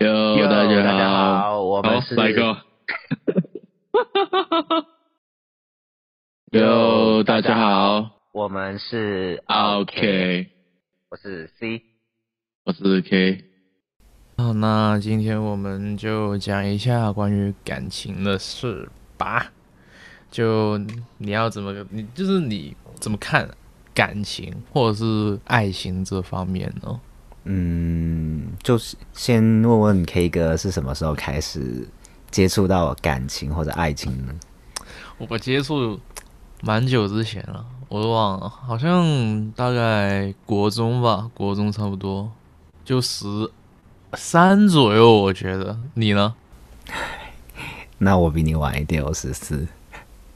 喲 Yo, Yo, 大家好，我們是賴哥。哈哈哈哈哈。大家好，我們，我們是 OK，, OK 我是 C，我是 K。好，那今天我們就講一下關於感情的事吧。就你要怎麼，你就是你怎麼看感情或者是愛情這方面呢？嗯，就是先問問 K 哥是什麼時候開始接觸到感情或者愛情呢？我把接觸蠻久之前了，我都忘了，好像大概國中吧，國中差不多就十三左右，我覺得。你呢？ 那我比你晚一點，我十四。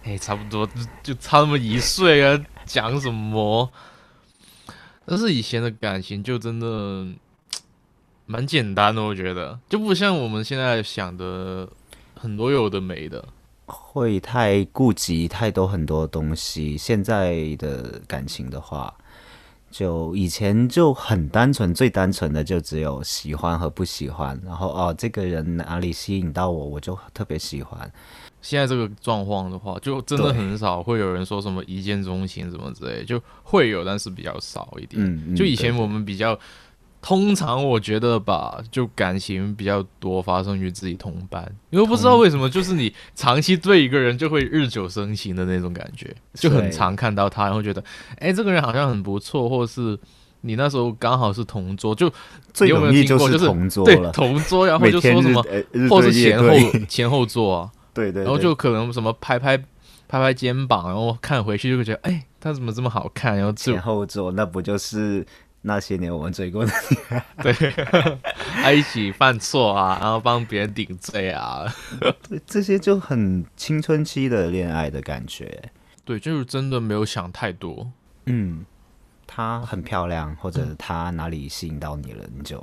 哎、欸，差不多，就差那麼一歲啊， 講什麼？但是以前的感情就真的蠻簡單的，我覺得就不像我們現在想的很多有的沒的，會太顧及太多很多東西。現在的感情的話，就以前就很單純，最單純的就只有喜歡和不喜歡。然後哦，這個人哪裡吸引到我，我就特別喜歡。現在這個狀況的話，就真的很少會有人說什麼一見鍾情什麼之類的，對就會有，但是比較少一點。嗯嗯、就以前我們比較對對對通常，我覺得吧，就感情比較多發生於自己同班。因為不知道為什麼，就是你長期對一個人就會日久生情的那種感覺，就很常看到他，然後覺得哎對、欸，這個人好像很不錯，或是你那時候剛好是同桌，就你有沒有聽過？就是同桌、就是、對同桌，然後就說什麼，或是前後會前後座啊。 對，對對，然後就可能什麼拍拍拍拍肩膀，然後看回去就會覺得，哎、欸，他怎麼這麼好看？然後就前後座，那不就是那些年我們追過的？對， 他一起犯錯啊， 然後幫別人頂罪啊，對，這些就很青春期的戀愛的感覺。對，就是真的沒有想太多。嗯，她很漂亮，或者是她哪裡吸引到你了，你就。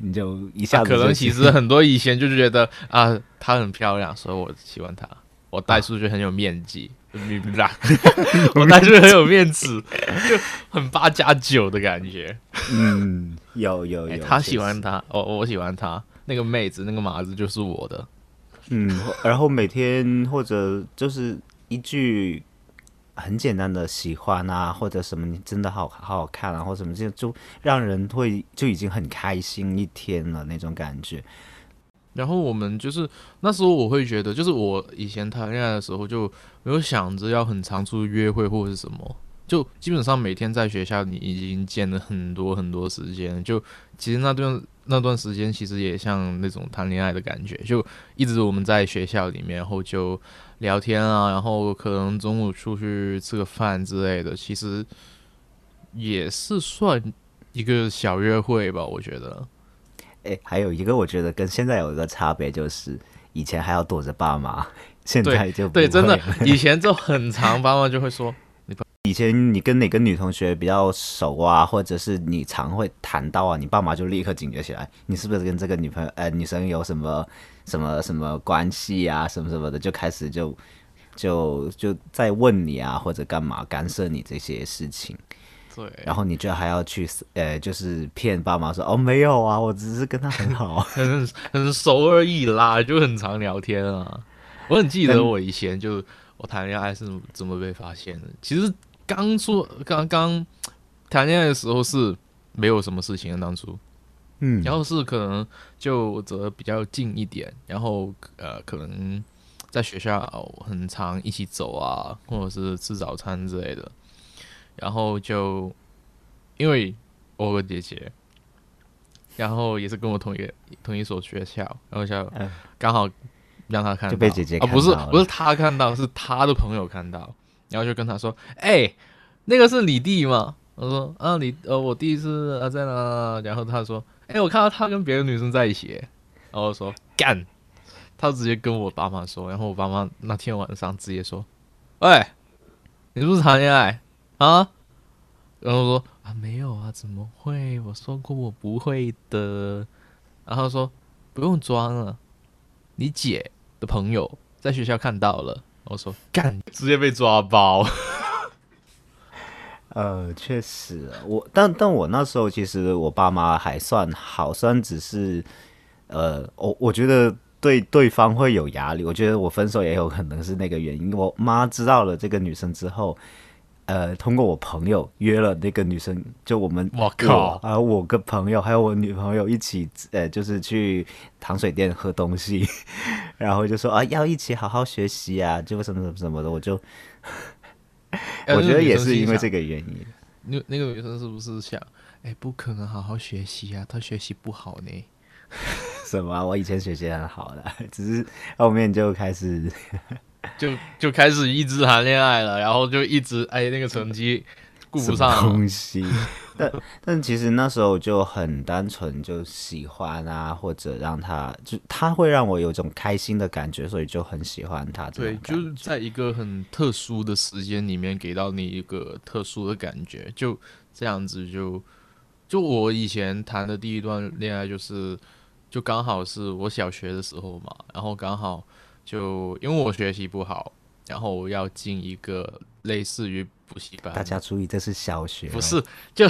你就一下子、啊、可能其實很多以前就覺得 啊，她很漂亮，所以我喜歡她。我帶出，出去很有面積，我帶出去很有面子，就很八加九的感覺。嗯，有有有，有欸、實他喜歡她，我我喜歡她。那個妹子，那個馬子就是我的。嗯，然後每天或者就是一句。很簡單的喜歡啊，或者什麼你真的好好好看啊，或者什麼就就讓人會就已經很開心一天了那種感覺。然後我們就是那時候我會覺得，就是我以前談戀愛的時候就沒有想着要很常出去約會或者什麼，就基本上每天在學校你已經見了很多很多時間，就其實那段。那段時間其實也像那種談戀愛的感覺，就一直我們在學校裡面，然後就聊天啊，然後可能中午出去吃個飯之類的，其實也是算一個小約會吧，我覺得。哎，還有一個我覺得跟現在有一個差別就是，以前還要躲着爸媽，現在就不會，對，對真的， 以前就很常，爸媽就會說。以前你跟哪個女同學比較熟啊，或者是你常會談到啊，你爸媽就立刻警覺起來，你是不是跟這個女朋友呃、哎、女生有什麼什麼什麼關係啊，什麼什麼的，就開始就就就在問你啊，或者幹嘛干涉你這些事情。對，然後你就還要去呃、哎、就是騙爸媽說哦沒有啊，我只是跟她很好，很很熟而已啦，就很常聊天啊。我很記得我以前就但我談戀愛是怎麼被發現的，其實。剛出剛剛談戀愛的時候是沒有什麼事情的，當初，嗯，然後是可能就走得比較近一點，然後呃，可能在學校很常一起走啊，或者是吃早餐之類的，然後就因為我有個姐姐，然後也是跟我同一個同一所學校，然後就剛好讓她看到，就被姐姐啊，不是不是她看到，是她的朋友看到。然後就跟他說：“哎，那個是你弟嗎？”我說：“啊，你呃，我弟是啊，在哪？”然後他說：“哎，我看到他跟別的女生在一起。”然後我說：“幹！”他直接跟我爸媽說。然後我爸媽那天晚上直接說：“喂，你是不是談戀愛啊？”然後我說：“啊，沒有啊，怎麼會？我說過我不會的。”然後說：“不用裝了，你姐的朋友在學校看到了。”.我說幹，直接被抓包。 呃，確實，我但但我那時候其實我爸媽還算好，雖然只是呃，我我覺得對對方會有壓力。我覺得我分手也有可能是那個原因。我媽知道了這個女生之後。呃，通過我朋友約了那個女生，就我們我靠，啊，我跟朋友還有我女朋友一起，呃，就是去糖水店喝東西，然後就說啊、呃，要一起好好學習啊，就什麼什麼什麼的，我就、呃、我覺得也是因為這個原因，那、呃、那個女生是不是想，哎，不可能好好學習啊，她學習不好呢？什麼？我以前學習很好的，只是後面就開始。呵呵 就就開始一直談戀愛了，然後就一直哎那個成績顧不上了東西，但但其實那時候就很單純，就喜歡啊，或者讓他就他會讓我有種開心的感覺，所以就很喜歡他。對，就是在一個很特殊的時間裡面給到你一個特殊的感覺，就這樣子。就就我以前談的第一段戀愛就是就剛好是我小學的時候嘛，然後剛好。就因為我學習不好，然後要進一個類似於補習班。大家注意，這是小學啊，不是就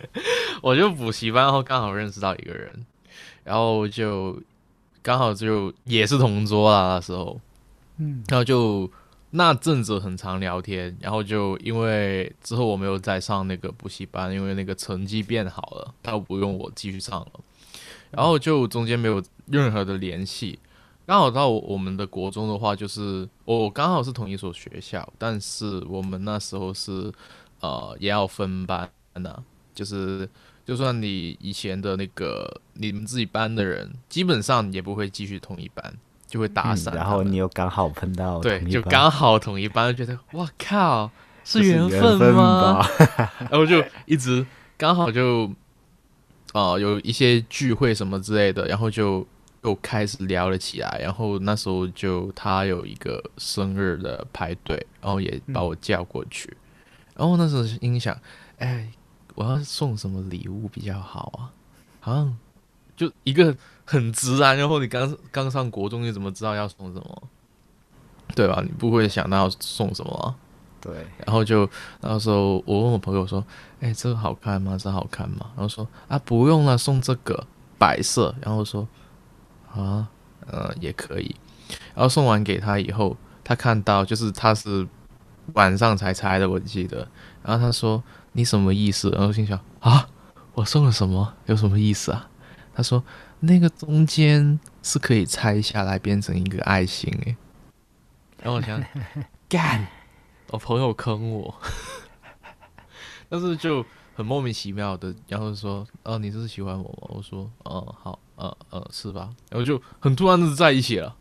我就補習班，然後剛好認識到一個人，然後就剛好就也是同桌啊那時候，嗯，然後就那陣子很常聊天，然後就因為之後我沒有再上那個補習班，因為那個成績變好了，他不用我繼續上了，然後就中間沒有任何的聯繫。剛好到我們的國中的話，就是我剛好是同一所學校，但是我們那時候是呃也要分班的，啊，就是就算你以前的那個你們自己班的人，基本上也不會繼續同一班，就會打散，嗯。然後你又剛好碰到對，就剛好同一班，覺得哇靠，是緣分嗎？分嗎 然後就一直剛好就啊，呃、有一些聚會什麼之類的，然後就。又開始聊了起來，然後那時候就他有一個生日的派對，然後也把我叫過去。嗯、然後那時候心想，哎、欸，我要送什麼禮物比較好啊？像、啊、就一個很直男、啊、然後你剛剛上國中，你怎麼知道要送什麼？對吧？你不會想到要送什麼？對。然後就那時候我問我朋友說：“哎、欸，這個好看嗎？這個、好看嗎？”然後說：“啊，不用了，送這個白色。”然後說。啊，呃，也可以。然後送完給他以後，他看到就是他是晚上才拆的，我記得。然後他說：“你什麼意思？”然後心想：“啊，我送了什麼？有什麼意思啊？”他說：“那個中間是可以拆下來變成一個愛心、欸。”哎，然後我想幹，我、哦、朋友坑我， 但是就很莫名其妙的，然後說：“哦、啊，你是喜歡我嗎？”我說：“嗯、啊，好。”呃呃、嗯嗯，是吧？然後就很突然的在一起了，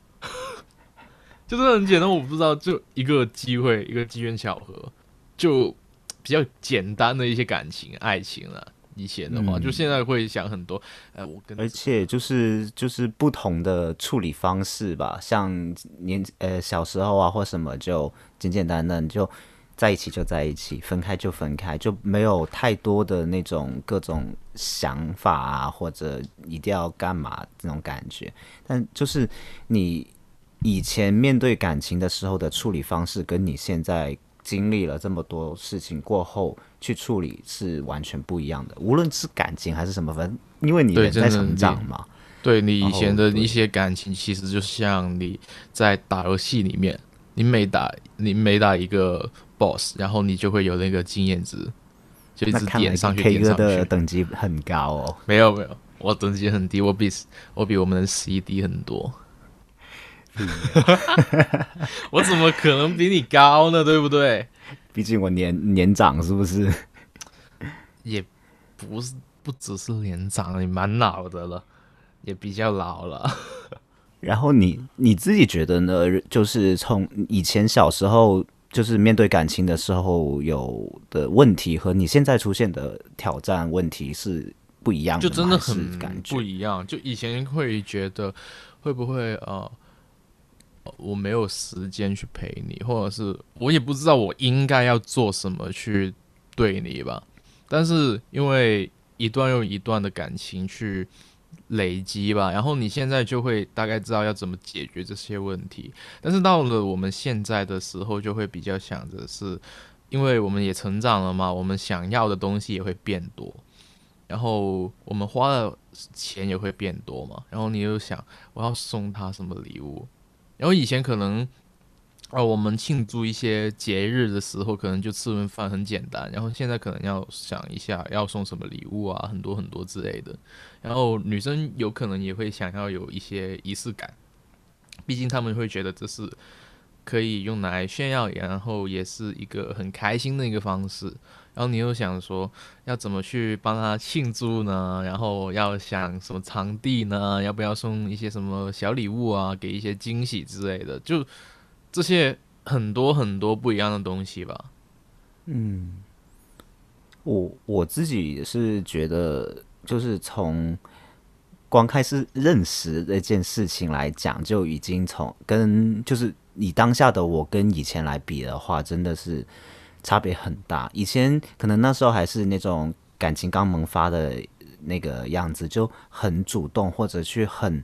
就真的很簡單。我不知道，就一個機會，一個機緣巧合，就比較簡單的一些感情、愛情了。以前的話，嗯、就現在會想很多。哎、而且就是就是不同的處理方式吧，像年呃小時候啊，或什麼就簡簡單單就。在一起就在一起，分開就分開，就沒有太多的那種各種想法啊，或者一定要幹嘛這種感覺。但就是你以前面對感情的時候的處理方式，跟你現在經歷了這麼多事情過後去處理是完全不一樣的。無論是感情還是什麼，反正因為你也對在成長嘛。你對你以前的一些感情，其實就像你在打遊戲裡面，對對你每打你每打一個。然後你就會有那個經驗值，就一直點上去。K 哥的等級很高哦？沒有沒有，我等級很低，我比我比我們的 CD 很多。我怎麼可能比你高呢？對不對？畢竟我年年長，是不是？ 也不是，不只是年長，也蠻老的了，也比較老了。 然後你你自己覺得呢？就是從以前小時候。就是面對感情的時候有的問題和你現在出現的挑戰問題是不一樣的，就真的很感覺不一樣。就以前會覺得會不會呃，我沒有時間去陪你，或者是我也不知道我應該要做什麼去對你吧。但是因為一段又一段的感情去。累積吧，然後你現在就會大概知道要怎麼解決這些問題。但是到了我們現在的時候，就會比較想着是，因為我們也成長了嘛，我們想要的東西也會變多，然後我們花的錢也會變多嘛。然後你又想，我要送他什麼禮物？然後以前可能。而我們慶祝一些節日的時候，可能就吃頓飯很簡單。然後現在可能要想一下要送什麼禮物啊，很多很多之類的。然後女生有可能也會想要有一些儀式感，畢竟她們會覺得這是可以用來炫耀，然後也是一個很開心的一個方式。然後你又想說要怎麼去幫她慶祝呢？然後要想什麼場地呢？要不要送一些什麼小禮物啊，給一些驚喜之類的？就。這些很多很多不一樣的東西吧，嗯，我我自己也是覺得，就是從剛開始認識這件事情來講，就已經從跟就是你當下的我跟以前來比的話，真的是差別很大。以前可能那時候還是那種感情剛萌發的那個樣子，就很主動或者去很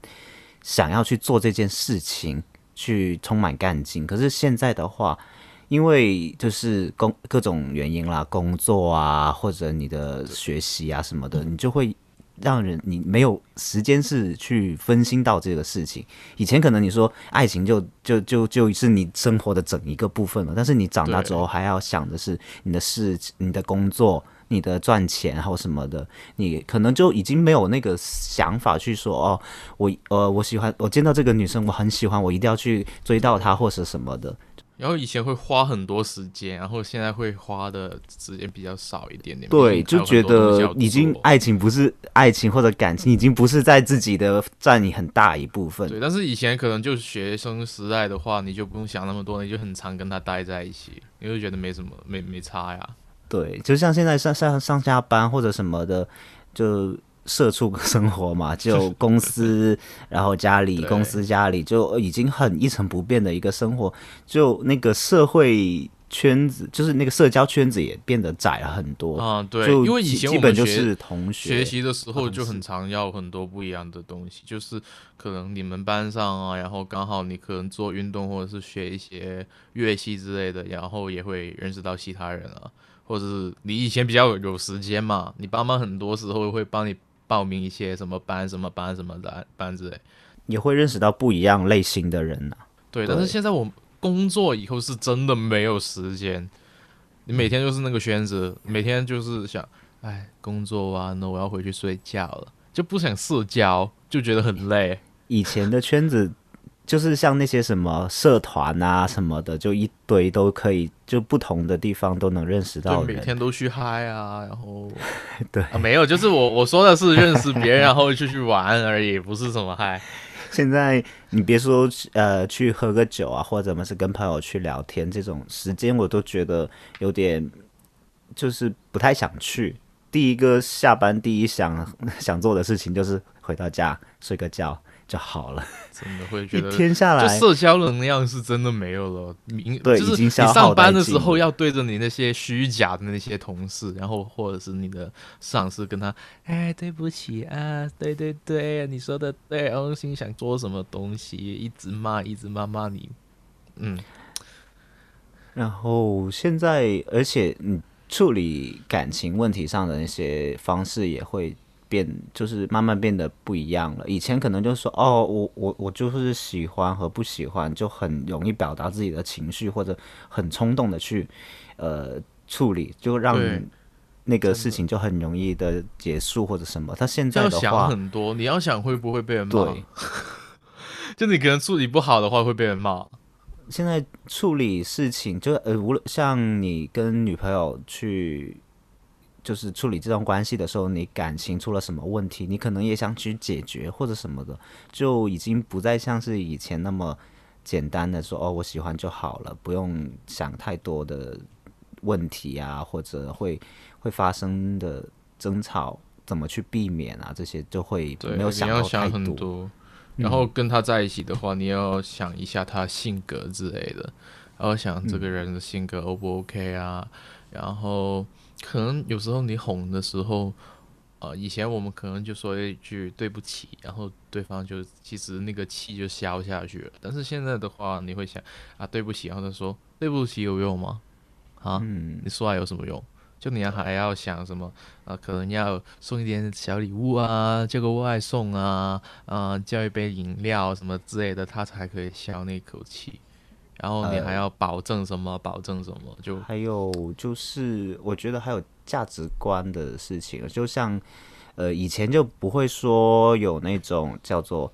想要去做這件事情。去充滿幹勁，可是現在的話，因為就是工各種原因啦，工作啊，或者你的學習啊什麼的，你就會讓人你沒有時間是去分心到這個事情。以前可能你說愛情就就就就就是你生活的整一個部分了，但是你長大之後還要想的是你的事、你的工作。你的賺錢還有什麼的，你可能就已經沒有那個想法去說哦，我呃，我喜歡，我見到這個女生，我很喜歡，我一定要去追到她或者什麼的。然後以前會花很多時間，然後現在會花的時間比較少一點點。對，就覺得已經愛情不是愛情或者感情，已經不是在自己的占你很大一部分。對，但是以前可能就是學生時代的話，你就不用想那麼多，你就很常跟她待在一起，因為覺得沒什麼沒沒差呀。對，就像現在上上上下班或者什麼的，就社畜生活嘛，就公司， 對然後家裡，對公司家裡就已經很一成不變的一個生活，就那個社會圈子，就是那個社交圈子也變得窄了很多啊。對，就因為以前我們學基本就是同學學習的時候就很常要很多不一樣的東西，啊、就是可能你們班上啊，然後剛好你可能做運動或者是學一些樂器之類的，然後也會認識到其他人啊。或者是你以前比較有時間嘛，你爸媽很多時候會幫你報名一些什麼班、什麼班、什麼班之類的班子，你會認識到不一樣類型的人呢、啊。對，對，但是現在我工作以後是真的沒有時間，你每天就是那個圈子，每天就是想，哎，工作完了我要回去睡覺了，就不想社交，就覺得很累。以前的圈子。 就是像那些什麼社團啊什麼的，就一堆都可以，就不同的地方都能認識到。每天都去嗨啊，然後對、啊，沒有，就是我我說的是認識別人， 然後出去玩而已，不是什麼嗨。現在你別說呃去喝個酒啊，或者我們是跟朋友去聊天這種時間，我都覺得有點就是不太想去。第一個下班第一想想做的事情就是回到家睡個覺。就好了，真的會覺得一天下來就社交能量是真的沒有了。明對，就是你上班的時候要對着你那些虛假的那些同事，然後或者是你的上司，跟他哎對不起啊，對對對，你說的對，然後，哦，心想做什麼東西，一直罵，一直罵罵你，嗯。然後現在，而且嗯處理感情問題上的那些方式也會。變就是慢慢變得不一樣了。以前可能就是說哦，我我我就是喜歡和不喜歡，就很容易表達自己的情緒，或者很衝動的去，呃，處理，就讓那個事情就很容易的結束或者什麼。他對現在想很多，你要想會不會被人罵？對 就你可能處理不好的話會被人罵。現在處理事情就呃，無論像你跟女朋友去。就是處理這段關係的時候，你感情出了什麼問題，你可能也想去解決或者什麼的，就已經不再像是以前那麼簡單的說哦，我喜歡就好了，不用想太多的問題啊，或者會會發生的爭吵怎麼去避免啊，這些就會沒有想太多。對，你要想很多，然後跟他在一起的話，嗯、你要想一下他性格之類的，然後想這個人的性格 O 不 OK 啊，然後。可能有時候你哄的時候，呃，以前我們可能就說一句對不起，然後對方就其實那個氣就消下去了。但是現在的話，你會想啊，對不起，然後他說對不起有用嗎？啊，嗯、你說來有什麼用？就你還要想什麼？啊？可能要送一點小禮物啊，叫個外送啊，啊，叫一杯飲料什麼之類的，他才可以消那口氣。然後你還要保證什麼？呃、保證什麼？就還有就是，我覺得還有價值觀的事情。就像呃，以前就不會說有那種叫做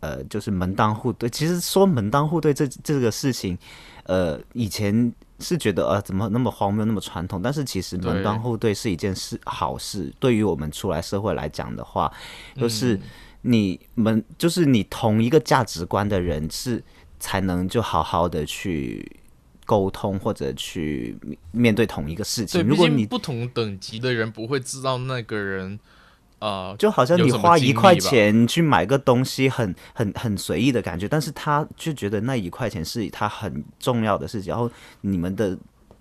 呃，就是門當戶對。其實說門當戶對這這個事情，呃，以前是覺得呃，怎麼那麼荒謬，那麼傳統？但是其實門當戶對是一件事對好事，對於我們出來社會來講的話，嗯、就是你們就是你同一個價值觀的人是。才能就好好的去溝通或者去面對同一個事情。如果你不同等級的人不會知道那個人，啊，就好像你花一塊錢去買個東西，很很很隨意的感覺，但是他就覺得那一塊錢是他很重要的事情，然後你們的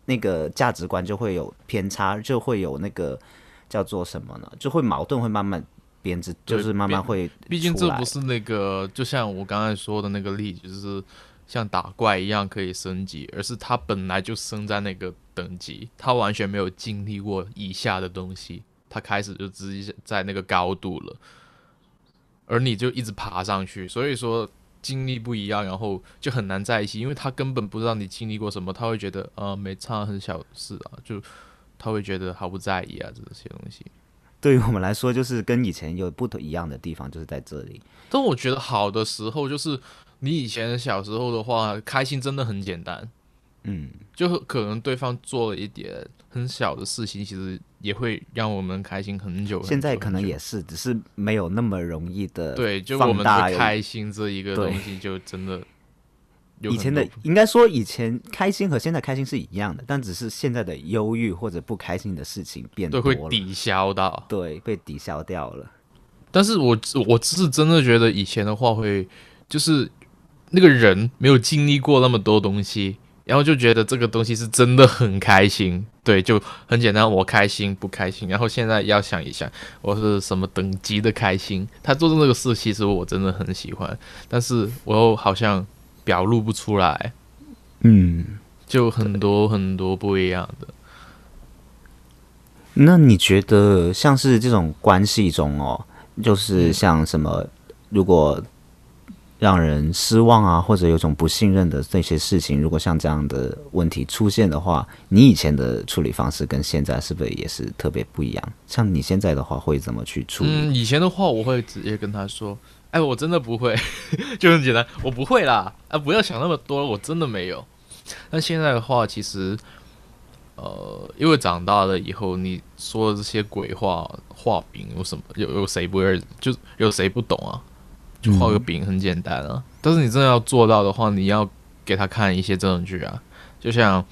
那個價值觀就會有偏差，就會有那個叫做什麼呢？就會矛盾，會慢慢。就是慢慢會，畢竟這不是那個，就像我剛才說的那個例子，就是像打怪一樣可以升級，而是他本來就生在那個等級，他完全沒有經歷過以下的東西，他開始就直接在那個高度了，而你就一直爬上去，所以說經歷不一樣，然後就很難在一起，因為他根本不知道你經歷過什麼，他會覺得啊、呃、沒差，很小事啊，就他會覺得毫不在意啊這些東西。對於我們來說，就是跟以前有不同一樣的地方，就是在這裡。但我覺得好的時候，就是你以前小時候的話，開心真的很簡單。嗯，就可能對方做了一點很小的事情，其實也會讓我們開心很久，很久，很久。現在可能也是，只是沒有那麼容易的。對，就我們不開心這一個東西，就真的。以前的應該說以前開心和現在開心是一樣的，但只是現在的憂鬱或者不開心的事情變多了，對，會抵消到，對，被抵消掉了。但是我我只是真的覺得以前的話會就是那個人沒有經歷過那麼多東西，然後就覺得這個東西是真的很開心。對，就很簡單，我開心不開心。然後現在要想一想，我是什麼等級的開心？他做的那個事，其實我真的很喜歡，但是我又好像。表露不出來，嗯，就很多很多不一樣的。那你覺得，像是這種關係中哦，就是像什麼，如果讓人失望啊，或者有種不信任的那些事情，如果像這樣的問題出現的話，你以前的處理方式跟現在是不是也是特別不一樣？像你現在的話，會怎麼去處理？嗯，以前的話，我會直接跟他說。哎，我真的不會呵呵，就很簡單，我不會啦。啊，不要想那麼多，我真的沒有。但現在的話，其實，呃，因為長大了以後，你說的這些鬼話畫餅，有什麼？有有誰不會？就有誰不懂啊？就畫個餅，很簡單啊。嗯、哼但是你真的要做到的話，你要給他看一些證據啊。就像，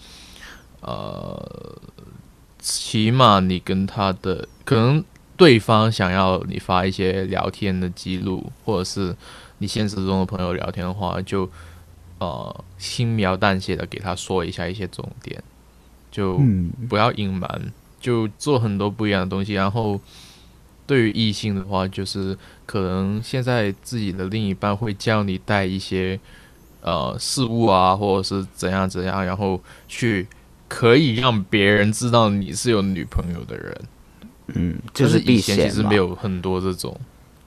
呃，起碼你跟他的可能。嗯對方想要你發一些聊天的記錄，或者是你現實中的朋友聊天的話，就呃輕描淡寫的給他說一下一些重點，就不要隱瞞，就做很多不一樣的東西。然後對於異性的話，就是可能現在自己的另一半會叫你帶一些呃事物啊，或者是怎樣怎樣，然後去可以讓別人知道你是有女朋友的人。嗯，就是避嫌其實沒有很多這種，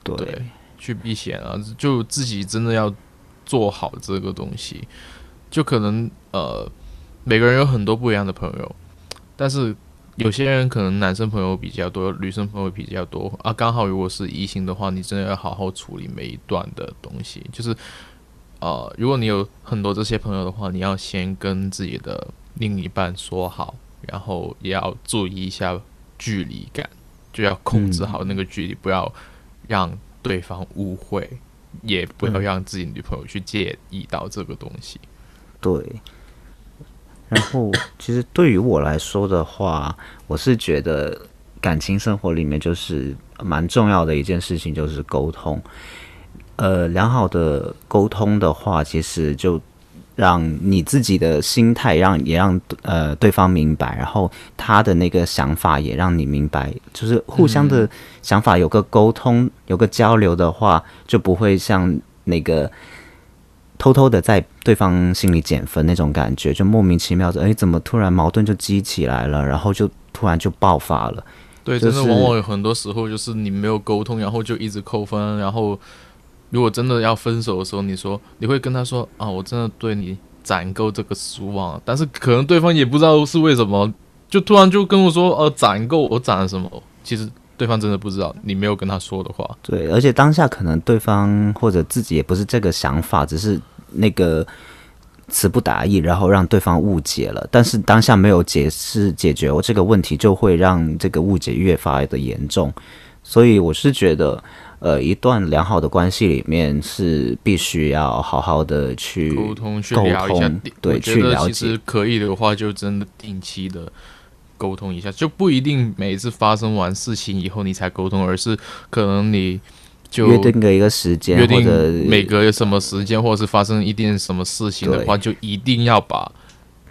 對，對去避嫌啊，就自己真的要做好這個東西，就可能呃，每個人有很多不一樣的朋友，但是有些人可能男生朋友比較多，女生朋友比較多啊，剛好如果是異性的話，你真的要好好處理每一段的東西，就是，呃，如果你有很多這些朋友的話，你要先跟自己的另一半說好，然後也要注意一下。距離感就要控制好那個距離，嗯、不要讓對方誤會，也不要讓自己女朋友去介意到這個東西。對，然後其實對於我來說的話，我是覺得感情生活裡面就是蠻重要的一件事情，就是溝通。呃，良好的溝通的話，其實就。讓你自己的心態，讓，讓也讓呃對方明白，然後他的那個想法，也讓你明白，就是互相的想法有個溝通，嗯、有個交流的話，就不會像那個偷偷的在對方心裡減分那種感覺，就莫名其妙的，哎，怎麼突然矛盾就激起來了，然後就突然就爆發了。對，真的、就是、往往有很多時候就是你沒有溝通，然後就一直扣分，然後。如果真的要分手的時候，你說你會跟他說啊，我真的對你攢夠這個失望了。但是可能對方也不知道是為什麼，就突然就跟我說，呃、啊，攢夠我攢了什麼？其實對方真的不知道你沒有跟他說的話。對，而且當下可能對方或者自己也不是這個想法，只是那個詞不達意，然後讓對方誤解了。但是當下沒有解釋解決我這個問題，就會讓這個誤解越發的嚴重。所以我是覺得。呃，一段良好的關係裡面是必須要好好的去溝通,通、去聊一下，對，對去了解。可以的話，就真的定期的溝通一下，就不一定每次發生完事情以後你才溝通，而是可能你就約定個一個時間，約定每隔個什麼時間，或者,或者是發生一定什麼事情的話，對就一定要把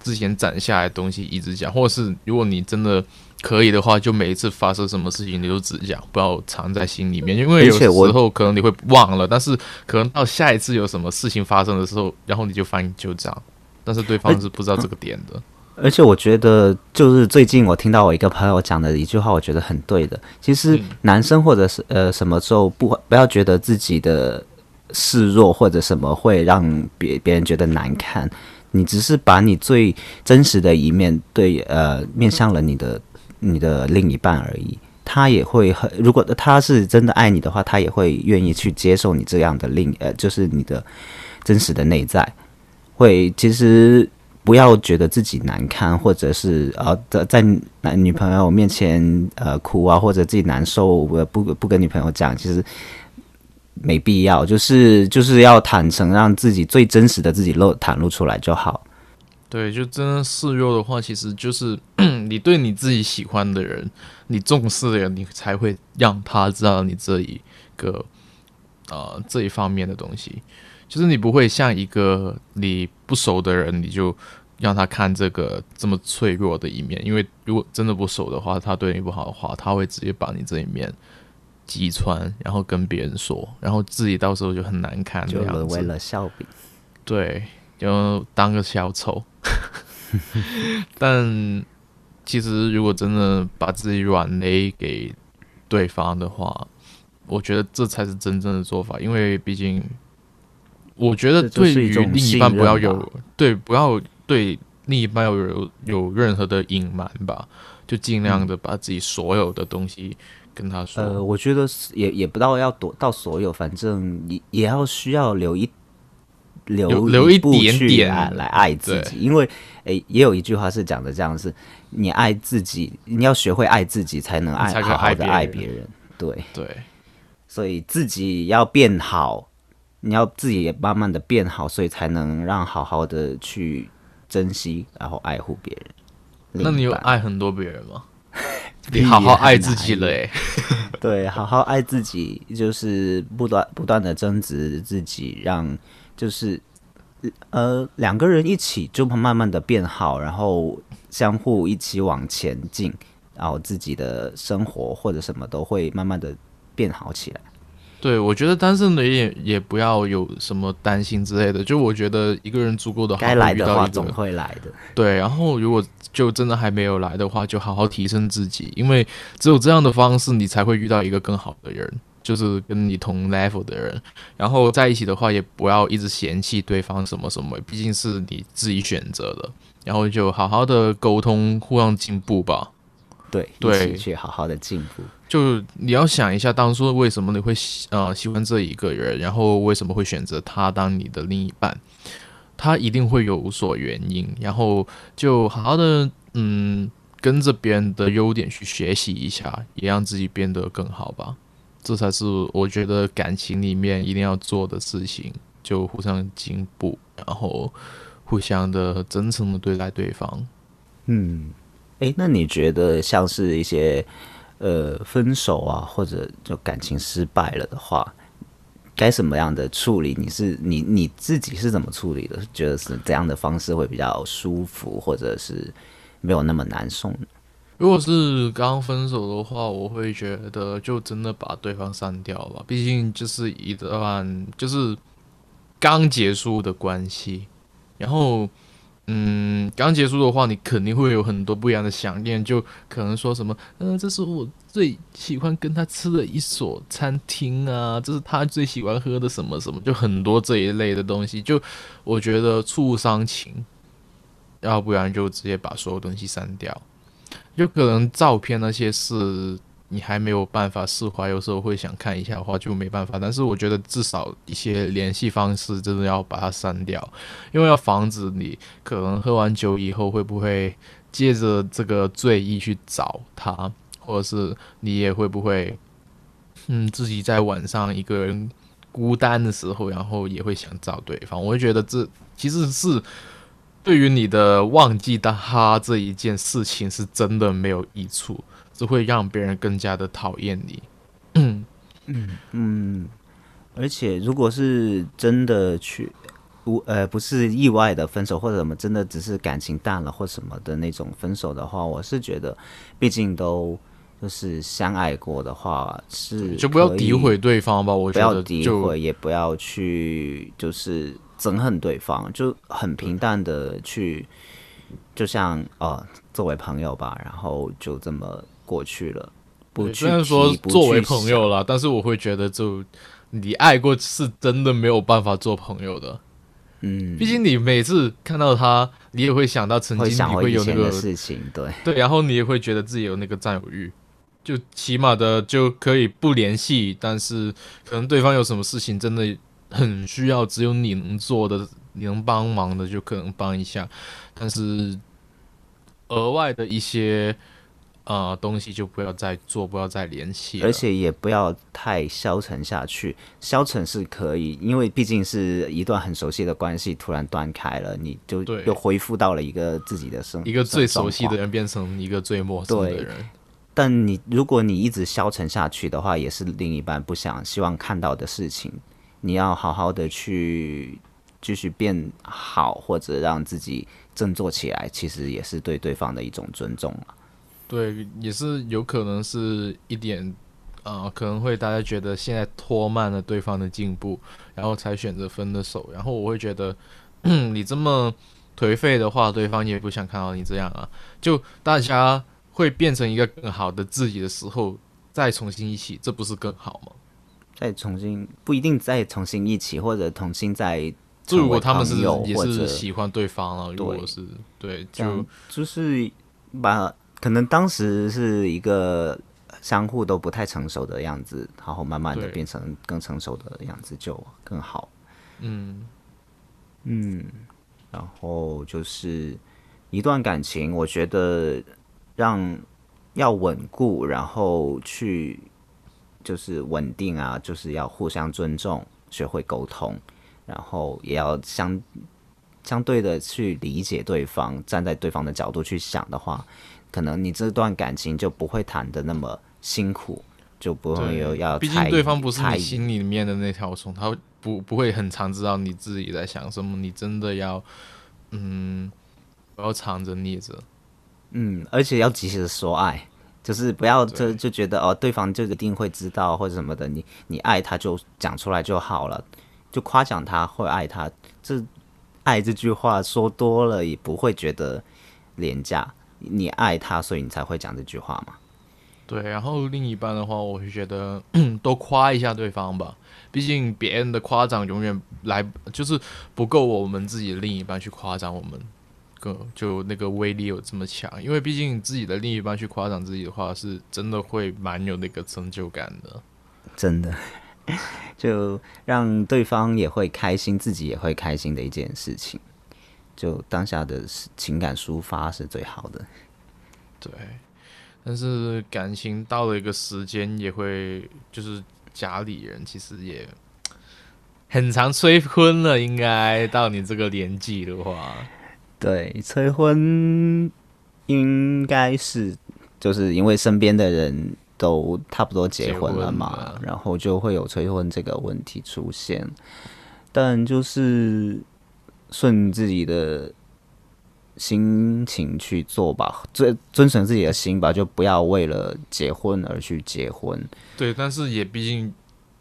之前攢下來的東西一直講，或者是如果你真的。可以的話，就每一次發生什麼事情，你都直講，不要藏在心裡面，因為有時候可能你會忘了，且但是可能到下一次有什麼事情發生的時候，然後你就翻，就這樣。但是對方是不知道這個點的。而且我覺得，就是最近我聽到我一個朋友講的一句話，我覺得很對的。其實男生或者是呃什麼時候不不要覺得自己的示弱或者什麼會讓別別人覺得難看，你只是把你最真實的一面對呃面向了你的。你的另一半而已，他也會很，如果他是真的愛你的話，他也會願意去接受你這樣的另呃，就是你的真實的內在。會，其實不要覺得自己難堪，或者是呃在在男女朋友面前呃哭啊，或者自己難受我不不跟女朋友講，其實沒必要，就是就是要坦誠，讓自己最真實的自己露袒露出來就好。對，就真的示弱的話，其實就是 你對你自己喜歡的人，你重視的人，你才會讓他知道你這一個，呃，這一方面的東西。就是你不會像一個你不熟的人，你就讓他看這個這麼脆弱的一面，因為如果真的不熟的話，他對你不好的話，他會直接把你這一面擊穿，然後跟別人說，然後自己到時候就很難看，就淪為了笑柄。對，就當個小丑。 但其實，如果真的把自己軟肋給對方的話，我覺得這才是真正的做法。因為畢竟，我覺得對於另一半不要有對不要對另一半要有有任何的隱瞞吧，就儘量的把自己所有的東西跟他說。呃，我覺得也也不到要躲到所有，反正也也要需要留一。留留一點點來愛自己，點點因為誒、欸，也有一句話是講的這樣子：是，你愛自己，你要學會愛自己，才能愛好好的愛別人。對對，對所以自己要變好，你要自己也慢慢的變好，所以才能讓好好的去珍惜，然後愛護別人。那你有愛很多別人嗎？ 你好好愛自己了、欸， 對，好好愛自己，就是不斷不斷的增值自己，讓。就是，呃，兩個人一起就會慢慢的變好，然後相互一起往前進，然後自己的生活或者什麼都會慢慢的變好起來。對，我覺得單身的也也不要有什麼擔心之類的。就我覺得一個人足夠的好，好，該來的話總會來的。對，然後如果就真的還沒有來的話，就好好提升自己，因為只有這樣的方式，你才會遇到一個更好的人。就是跟你同 level 的人，然後在一起的話，也不要一直嫌棄對方什麼什麼，畢竟是你自己選擇的，然後就好好的溝通，互相進步吧。對對，對去好好的進步。就你要想一下，當初為什麼你會喜呃喜歡這一個人，然後為什麼會選擇他當你的另一半？他一定會有所原因，然後就好好的嗯，跟着別人的優點去學習一下，也讓自己變得更好吧。這才是我覺得感情裡面一定要做的事情，就互相進步，然後互相的真誠的對待對方。嗯，哎，那你覺得像是一些呃分手啊，或者就感情失敗了的話，該什麼樣的處理？你是你你自己是怎麼處理的？覺得是怎樣的方式會比較舒服，或者是沒有那麼難受呢？如果是剛分手的話，我會覺得就真的把對方刪掉吧，畢竟就是一段就是剛結束的關係。然後，嗯，剛結束的話，你肯定會有很多不一樣的想念，就可能說什麼，嗯，這是我最喜歡跟他吃的一所餐廳啊，這是他最喜歡喝的什麼什麼，就很多這一類的東西。就我覺得觸物傷情，要不然就直接把所有東西刪掉。有可能照片那些事，你還沒有辦法釋懷，有時候會想看一下的話就沒辦法。但是我覺得至少一些聯繫方式真的要把它刪掉，因為要防止你可能喝完酒以後會不會借着這個醉意去找他，或者是你也會不會，嗯，自己在晚上一個人孤單的時候，然後也會想找對方。我會覺得這其實是。對於你的忘記他這一件事情是真的沒有益處，只會讓別人更加的討厭你。 嗯嗯，而且如果是真的去，不呃不是意外的分手或者什麼，真的只是感情淡了或什麼的那種分手的話，我是覺得，畢竟都就是相愛過的話是就不要詆毀對方吧，我覺得不要詆毀，就也不要去就是。憎恨對方，就很平淡的去，對就像，呃、哦，作為朋友吧，然後就這麼過去了。不，雖然說作為朋友了，但是我會覺得就，就你愛過是真的沒有辦法做朋友的。嗯，畢竟你每次看到他，你也會想到曾經你會有那個事情，對對，然後你也會覺得自己有那個佔有欲，就起碼的就可以不聯繫，但是可能對方有什麼事情真的。很需要，只有你能做的，你能幫忙的，就可能幫一下。但是額外的一些呃東西，就不要再做，不要再聯繫，而且也不要太消沉下去。消沉是可以，因為畢竟是一段很熟悉的關係突然斷開了，對你就又恢復到了一個自己的生活。一個最熟悉的人變成一個最陌生的人。但你如果你一直消沉下去的話，也是另一半不想、希望看到的事情。你要好好的去繼續變好，或者讓自己振作起來，其實也是對對方的一種尊重啊。對，也是有可能是一點，呃，可能會大家覺得現在拖慢了對方的進步，然後才選擇分的手。然後我會覺得，你這麼頹廢的話，對方也不想看到你這樣啊。就大家會變成一個更好的自己的時候，再重新一起，這不是更好嗎？再重新不一定再重新一起，或者重新再，如果他們是有，或者喜歡對方了，啊。如果是對，樣就就是把，呃、可能當時是一個相互都不太成熟的樣子，然後慢慢的變成更成熟的樣子就更好。對嗯嗯，然後就是一段感情，我覺得讓要穩固，然後去。就是穩定啊，就是要互相尊重，學會溝通，然後也要相相對的去理解對方，站在對方的角度去想的話，可能你這段感情就不會談得那麼辛苦，就不會有要太。畢竟對方不是你心裡面的那條蟲，太他不不會很常知道你自己在想什麼。你真的要，嗯，不要藏着掖着，嗯，而且要及時的說愛。就是不要就對就覺得哦，對方就一定會知道或者什麼的，你你愛他就講出來就好了，就誇獎他或愛他，這愛這句話說多了也不會覺得廉價。你愛他，所以你才會講這句話嘛。對，然後另一半的話，我會覺得多誇一下對方吧，畢竟別人的誇獎永遠來就是不夠我們自己的另一半去誇獎我們。就那個威力，有這麼強，因為畢竟自己的另一半去誇獎自己的話，是真的會蠻有那個成就感的，真的，就讓對方也會開心，自己也會開心的一件事情。就當下的情感抒發是最好的，對。但是感情到了一個時間，也會就是家裡人其實也很常催婚了應，應該到你這個年紀的話。對，催婚應該是就是因為身邊的人都差不多結婚了嘛，了然後就會有催婚這個問題出現。但就是順自己的心情去做吧，遵遵從自己的心吧，就不要為了結婚而去結婚。對，但是也畢竟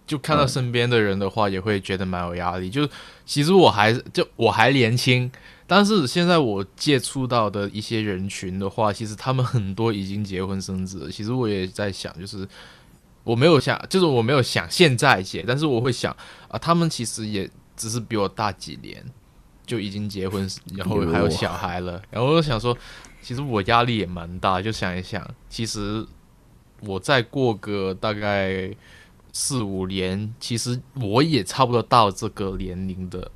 就看到身邊的人的話，也會覺得蠻有壓力。嗯、就其實我還是就我還年輕。但是現在我接觸到的一些人群的話，其實他們很多已經結婚生子。其實我也在想，就是我沒有想，就是我沒有想現在結，但是我會想啊，他們其實也只是比我大幾年，就已經結婚，然後還有小孩了。哇然後我就想說，其實我壓力也蠻大，就想一想，其實我再過個大概四五年，其實我也差不多到這個年齡的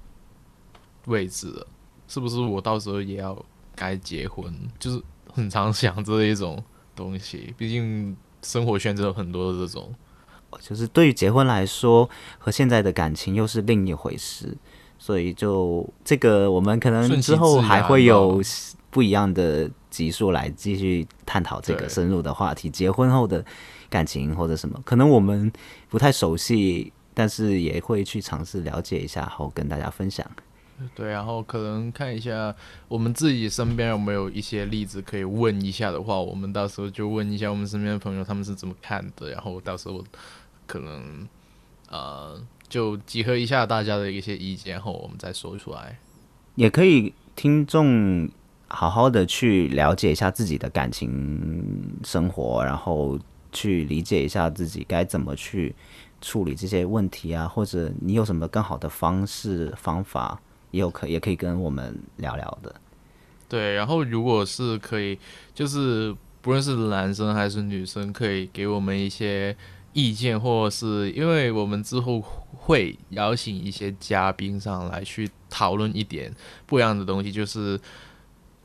位置了。是不是我到時候也要該結婚？就是很常想這一種東西，畢竟生活圈有很多的這種。就是對於結婚來說，和現在的感情又是另一回事，所以就這個我們可能之後還會有不一樣的集數來繼續探討這個深入的話題。對結婚後的感情或者什麼，可能我們不太熟悉，但是也會去嘗試了解一下，後跟大家分享。對，然後可能看一下我們自己身邊有沒有一些例子可以問一下的話，我們到時候就問一下我們身邊的朋友，他們是怎麼看的。然後到時候可能呃就集合一下大家的一些意見，然後我們再說出來。也可以聽眾好好的去了解一下自己的感情生活，然後去理解一下自己該怎麼去處理這些問題啊，或者你有什麼更好的方式方法？也有可也可以跟我們聊聊的，對。然後，如果是可以，就是不論是男生還是女生，可以給我們一些意見，或者是因為我們之後會邀請一些嘉賓上來去討論一點不一樣的東西，就是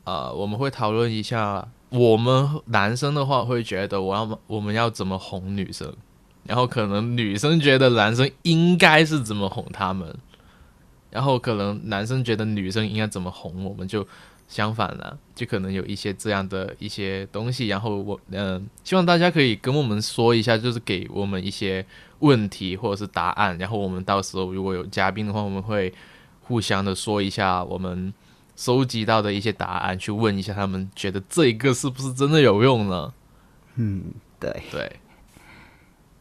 啊、呃，我們會討論一下，我們男生的話會覺得我要我們要怎麼哄女生，然後可能女生覺得男生應該是怎麼哄他們。然後可能男生覺得女生應該怎麼哄，我們就相反了，就可能有一些這樣的一些東西。然後我嗯、呃，希望大家可以跟我們說一下，就是給我們一些問題或者是答案。然後我們到時候如果有嘉賓的話，我們會互相的說一下我們收集到的一些答案，去問一下他們覺得這一個是不是真的有用呢？嗯，對對。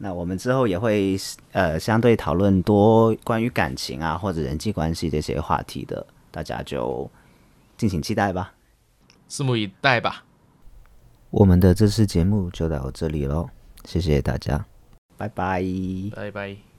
那我們之後也會，呃，相對討論多關於感情啊或者人際關係這些話題的，大家就敬請期待吧，拭目以待吧。我們的這次節目就到這裡嘍，謝謝大家，拜拜 bye，拜拜。